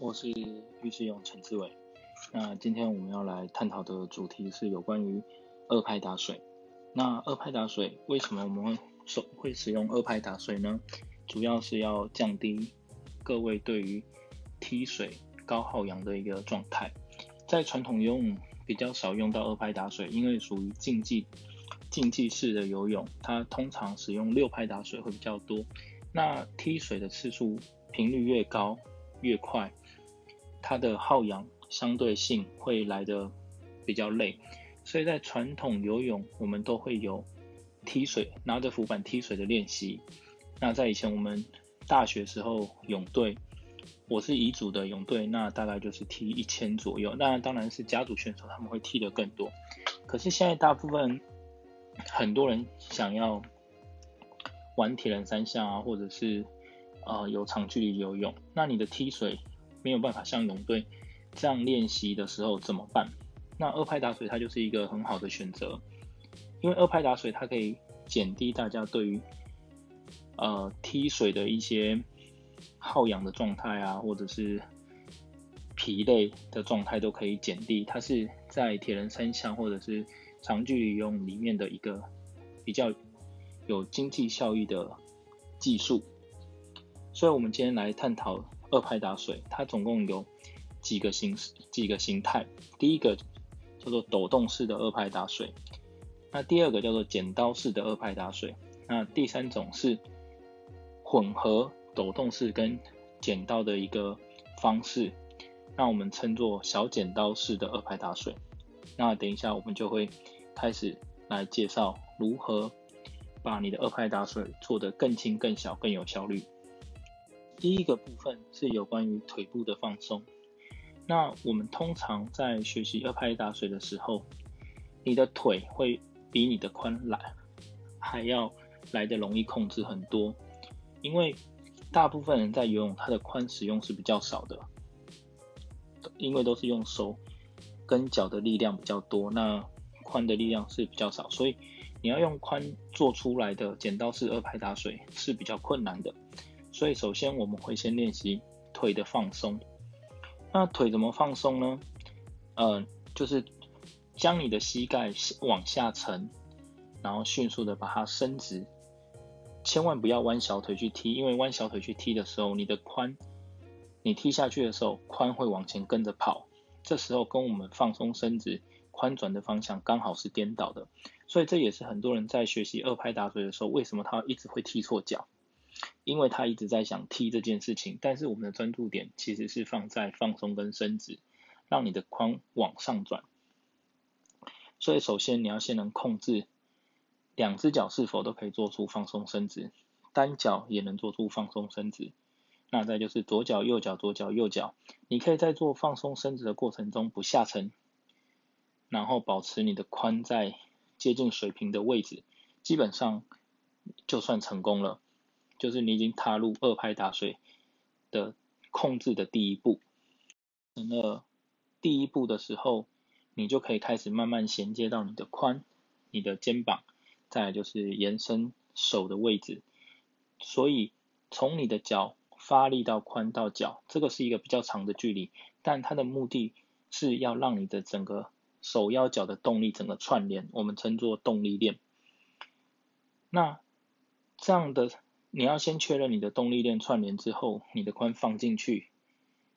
我是御世泳陳志偉，那今天我們要來探討的主題是有關於二拍打水。那二拍打水為什麼我們會使會使用二拍打水呢？主要是要降低各位對於踢水高耗氧的一個狀態。在傳統游泳比較少用到二拍打水，因為屬於競技競技式的游泳，它通常使用六拍打水會比較多。那踢水的次數頻率越高越快，它的耗氧相對性會來得比較累，所以在傳統游泳，我們都會有踢水拿着浮板踢水的練習。那在以前我們大學時候泳隊，我是乙組的泳隊，那大概就是踢一千左右。那當然是甲組選手他們會踢的更多。可是現在大部分很多人想要玩鐵人三項啊，或者是呃有長距離游泳，那你的踢水。沒有辦法像泳隊這樣練習的時候怎麼辦？那二拍打水它就是一個很好的選擇，因為二拍打水它可以減低大家對於呃踢水，的一些耗氧的狀態啊，或者是疲累的狀態都可以減低。它是在鐵人三項或者是長距離游泳裡面的一個比較有經濟效益的技術。所以我們今天來探討。二拍打水，它總共有幾個形式，幾個形態。第一個叫做抖動式的二拍打水，那第二個叫做剪刀式的二拍打水，那第三種是混合抖動式跟剪刀的一個方式，那我們稱作小剪刀式的二拍打水。那等一下我們就會開始來介紹如何把你的二拍打水做得更輕、更小、更有效率。第一個部分是有關於腿部的放鬆。那我們通常在學習二拍打水的時候，你的腿會比你的髖來還要來得容易控制很多，因為大部分人在游泳，它的髖使用是比較少的，因為都是用手跟腳的力量比較多，那髖的力量是比較少，所以你要用髖做出來的剪刀式二拍打水是比較困難的。所以，首先我們會先練習腿的放鬆。那腿怎麼放鬆呢？呃，就是將你的膝蓋往下沉，然後迅速的把它伸直。千萬不要彎小腿去踢，因為彎小腿去踢的時候，你的髖，你踢下去的時候，髖會往前跟着跑。這時候跟我們放鬆伸直髖轉的方向剛好是顛倒的。所以這也是很多人在學習二拍打腿的時候，為什麼他一直會踢錯腳。因為他一直在想踢這件事情，但是我們的專注點其實是放在放鬆跟伸直，讓你的髖往上轉。所以首先你要先能控制兩隻腳是否都可以做出放鬆伸直，單腳也能做出放鬆伸直。那再就是左腳右腳左腳右腳，你可以在做放鬆伸直的過程中不下沉，然後保持你的髖在接近水平的位置，基本上就算成功了。就是你已經踏入二拍打水的控制的第一步，那第一步的時候，你就可以開始慢慢銜接到你的髖、你的肩膀，再來就是延伸手的位置。所以從你的腳發力到髖到腳，這個是一個比較長的距離，但它的目的是要讓你的整個手腰腳的動力整個串聯，我們稱作動力鏈。那這樣的。你要先確認你的動力鏈串聯之後，你的髖放進去，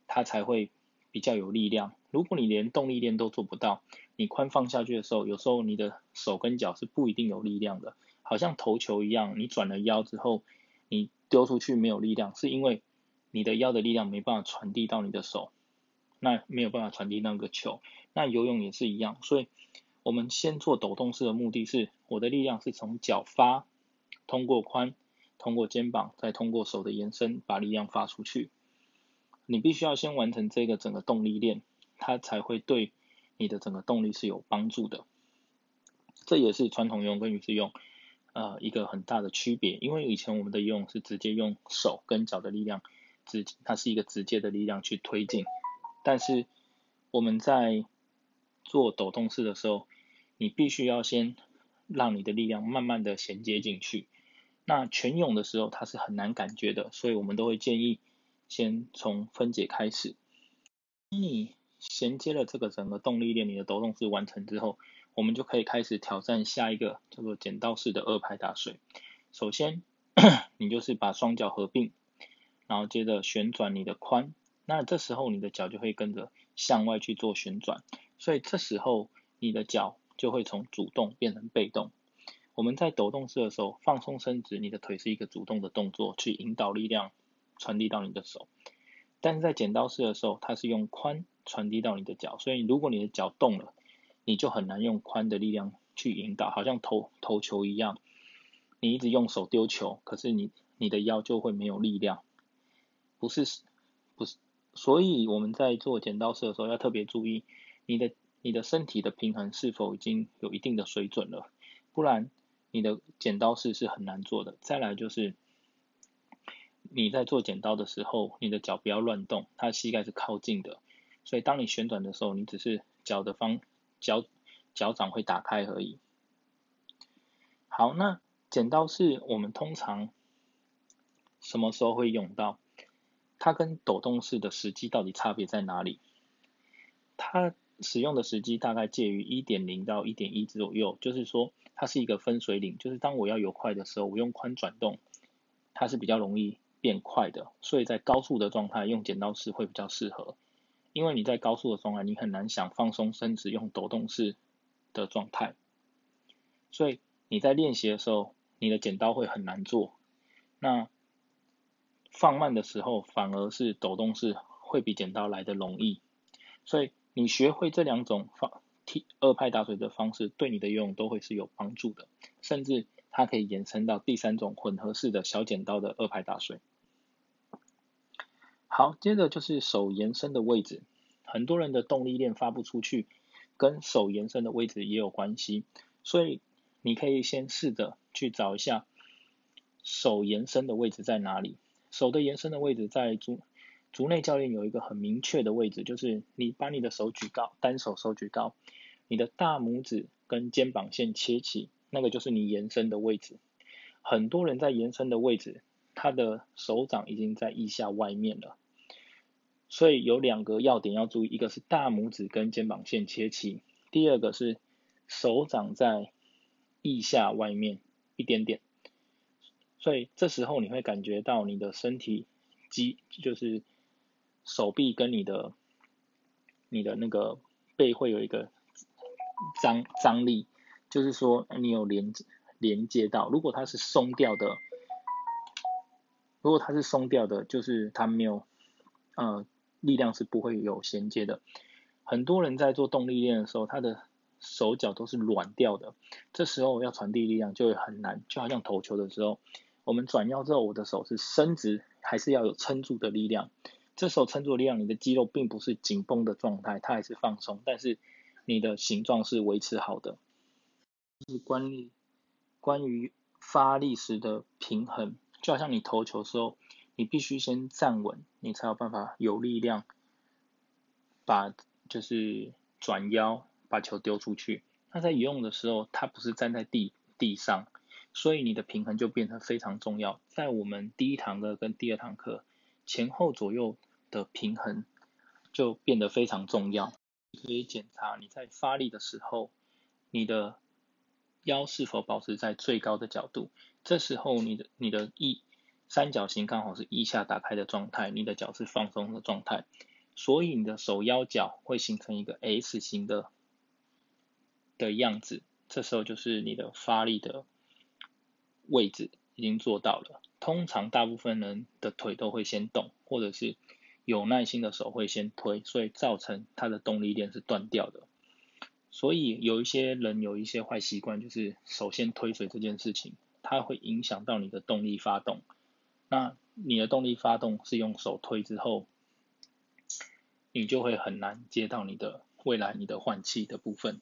它才會比較有力量。如果你連動力鏈都做不到，你髖放下去的時候，有時候你的手跟腳是不一定有力量的。好像投球一樣，你轉了腰之後，你丟出去沒有力量，是因為你的腰的力量沒辦法傳遞到你的手，那沒有辦法傳遞那個球。那游泳也是一樣，所以我們先做抖動式的目的是，我的力量是從腳發，通過髖。通過肩膀，再通過手的延伸，把力量發出去。你必須要先完成這個整個動力鏈，它才會對你的整個動力是有幫助的。這也是傳統游泳跟自由泳，呃，一個很大的區別。因為以前我們的游泳是直接用手跟腳的力量，直，它是一個直接的力量去推進。但是我們在做抖動式的時候，你必須要先讓你的力量慢慢的銜接進去。那全泳的時候它是很難感覺的，所以我們都會建議先從分解開始。當你銜接了這個整個動力鏈，你的抖動式完成之後，我們就可以開始挑戰下一個叫做剪刀式的二拍打水。首先， 你就是把雙腳合併，然後接着旋轉你的髖，那這時候你的腳就會跟着向外去做旋轉，所以這時候你的腳就會從主動變成被動。我們在抖動式的時候放鬆伸直，你的腿是一個主動的動作，去引導力量傳遞到你的手。但是在剪刀式的時候，它是用髖傳遞到你的腳，所以如果你的腳動了，你就很難用髖的力量去引導，好像投投球一樣，你一直用手丟球，可是你你的腰就會沒有力量，不是不是，所以我們在做剪刀式的時候要特別注意，你的你的身體的平衡是否已經有一定的水準了，不然。你的剪刀式是很難做的。再來就是，你在做剪刀的時候，你的腳不要亂動，它膝蓋是靠近的，所以當你旋轉的時候，你只是腳的方腳腳掌會打開而已。好，那剪刀式我們通常什麼時候會用到？它跟抖動式的時機到底差別在哪裡？它使用的時機大概介於一點零到一點一左右，就是說。它是一個分水嶺，就是當我要游快的時候，我用髖轉動，它是比較容易變快的，所以在高速的狀態用剪刀式會比較適合，因為你在高速的狀態，你很難想放鬆身子用抖動式的狀態，所以你在練習的時候，你的剪刀會很難做，那放慢的時候反而是抖動式會比剪刀來得容易，所以你學會這兩種方。二拍打水的方式對你的游泳都會是有幫助的，甚至它可以延伸到第三種混合式的小剪刀的二拍打水。好，接着就是手延伸的位置，很多人的動力鏈發不出去，跟手延伸的位置也有關係，所以你可以先試着去找一下手延伸的位置在哪裡，手的延伸的位置在中。竹內教練有一個很明確的位置，就是你把你的手舉高，單手手舉高，你的大拇指跟肩膀線切齊，那個就是你延伸的位置。很多人在延伸的位置，他的手掌已經在腋下外面了，所以有兩個要點要注意，一個是大拇指跟肩膀線切齊，第二個是手掌在腋下外面一點點，所以這時候你會感覺到你的身體肌就是，手臂跟你的你的那個背會有一個張張力，就是說你有連連接到。如果它是鬆掉的，如果它是鬆掉的，就是它沒有呃力量是不會有銜接的。很多人在做動力鏈的時候，他的手腳都是軟掉的，這時候要傳遞力量就會很難。就好像投球的時候，我們轉腰之後，我的手是伸直，還是要有撐住的力量。這時候撐住力量，你的肌肉並不是緊繃的狀態，它還是放鬆，但是你的形狀是維持好的。是關於，關於發力時的平衡，就好像你投球的時候，你必須先站穩，你才有辦法有力量，把就是轉腰把球丟出去。那在游泳的時候，它不是站在地地上，所以你的平衡就變得非常重要。在我們第一堂課跟第二堂課前後左右的平衡就變得非常重要。可以檢查你在發力的時候，你的腰是否保持在最高的角度。這時候，你的你的腋三角形剛好是腋下打開的狀態，你的腳是放鬆的狀態，所以你的手腰腳會形成一個 S 型的的樣子。這時候就是你的發力的位置已經做到了。通常大部分人的腿都會先動，或者是。有耐心的手會先推，所以造成它的動力鏈是斷掉的。所以有一些人有一些壞習慣，就是手先推水這件事情，它會影響到你的動力發動。那你的動力發動是用手推之後，你就會很難接到你的未來你的換氣的部分。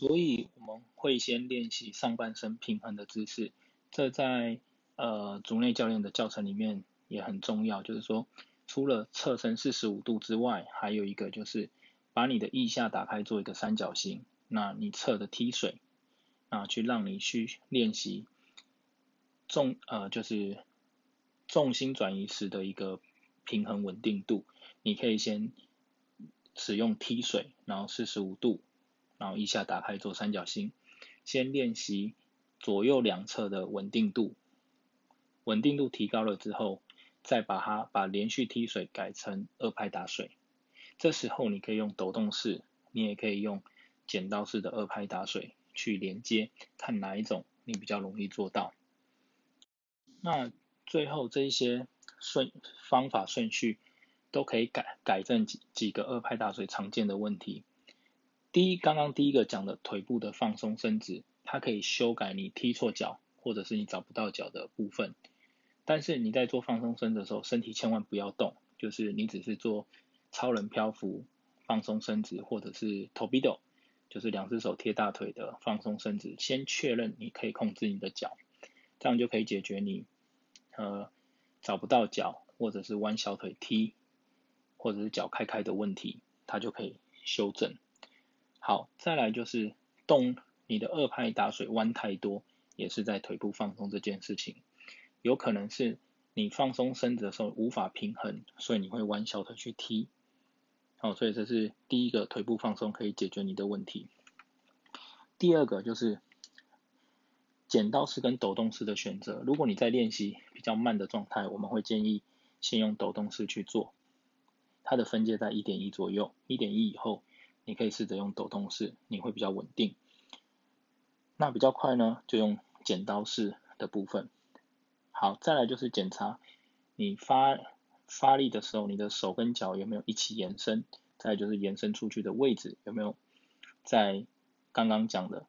所以我們會先練習上半身平衡的姿勢，這在呃竹內教練的教程裡面。也很重要，就是說，除了側身四十五度之外，還有一個就是把你的腋下打開做一個三角形。那你側的踢水，啊，去讓你去練習重呃，就是重心轉移時的一個平衡穩定度。你可以先使用踢水，然後四十五度，然後腋下打開做三角形，先練習左右兩側的穩定度。穩定度提高了之後，再把它把連續踢水改成二拍打水，這時候你可以用抖動式，你也可以用剪刀式的二拍打水去連接，看哪一種你比較容易做到。那最後這一些順，方法順序都可以改改正，幾幾個二拍打水常見的問題。第一，剛剛第一個講的腿部的放鬆伸直，它可以修改你踢錯腳或者是你找不到腳的部分。但是你在做放鬆伸直的時候，身體千萬不要動，就是你只是做超人漂浮、放鬆伸直，或者是 torpedo 就是兩只手貼大腿的放鬆伸直。先確認你可以控制你的腳，這樣就可以解決你呃找不到腳，或者是彎小腿踢，或者是腳開開的問題，它就可以修正。好，再來就是動你的二拍打水彎太多，也是在腿部放鬆這件事情。有可能是你放鬆身子的時候無法平衡，所以你會彎小腿去踢。好，哦，所以這是第一個腿部放鬆可以解決你的問題。第二個就是剪刀式跟抖動式的選擇。如果你在練習比較慢的狀態，我們會建議先用抖動式去做，它的分界在一點一左右，一點一以後你可以試着用抖動式，你會比較穩定。那比較快呢，就用剪刀式的部分。好，再來就是檢查你發發力的時候，你的手跟腳有沒有一起延伸，再來就是延伸出去的位置有沒有在剛剛講的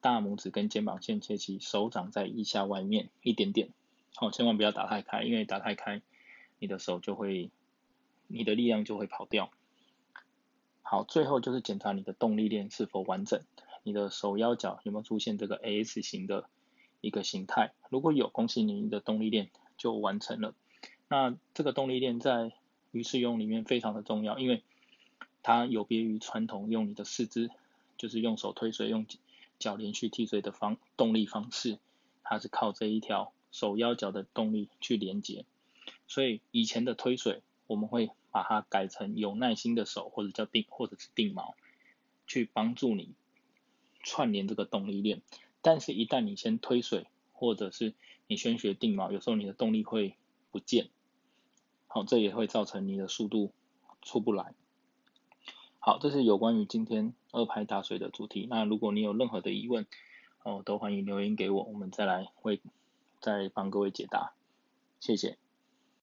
大拇指跟肩膀線切齊，手掌在腋下外面一點點，好、哦，千萬不要打太開，因為打太開，你的手就會，你的力量就會跑掉。好，最後就是檢查你的動力鏈是否完整，你的手腰腳有沒有出現這個 S 型的。一個形態，如果有，恭喜你的動力鏈就完成了。那這個動力鏈在於是用裡面非常的重要，因為它有別於傳統用你的四肢，就是用手推水、用腳連續踢水的方動力方式，它是靠這一條手腰腳的動力去連接。所以以前的推水，我們會把它改成有耐心的手，或者叫定，或者是定錨，去幫助你串聯這個動力鏈。但是，一旦你先推水，或者是你先學定錨，有時候你的動力會不見，好，這也會造成你的速度出不來。好，這是有關於今天二拍打水的主題。那如果你有任何的疑問，哦，都歡迎留言給我，我們再來為再幫各位解答。謝謝。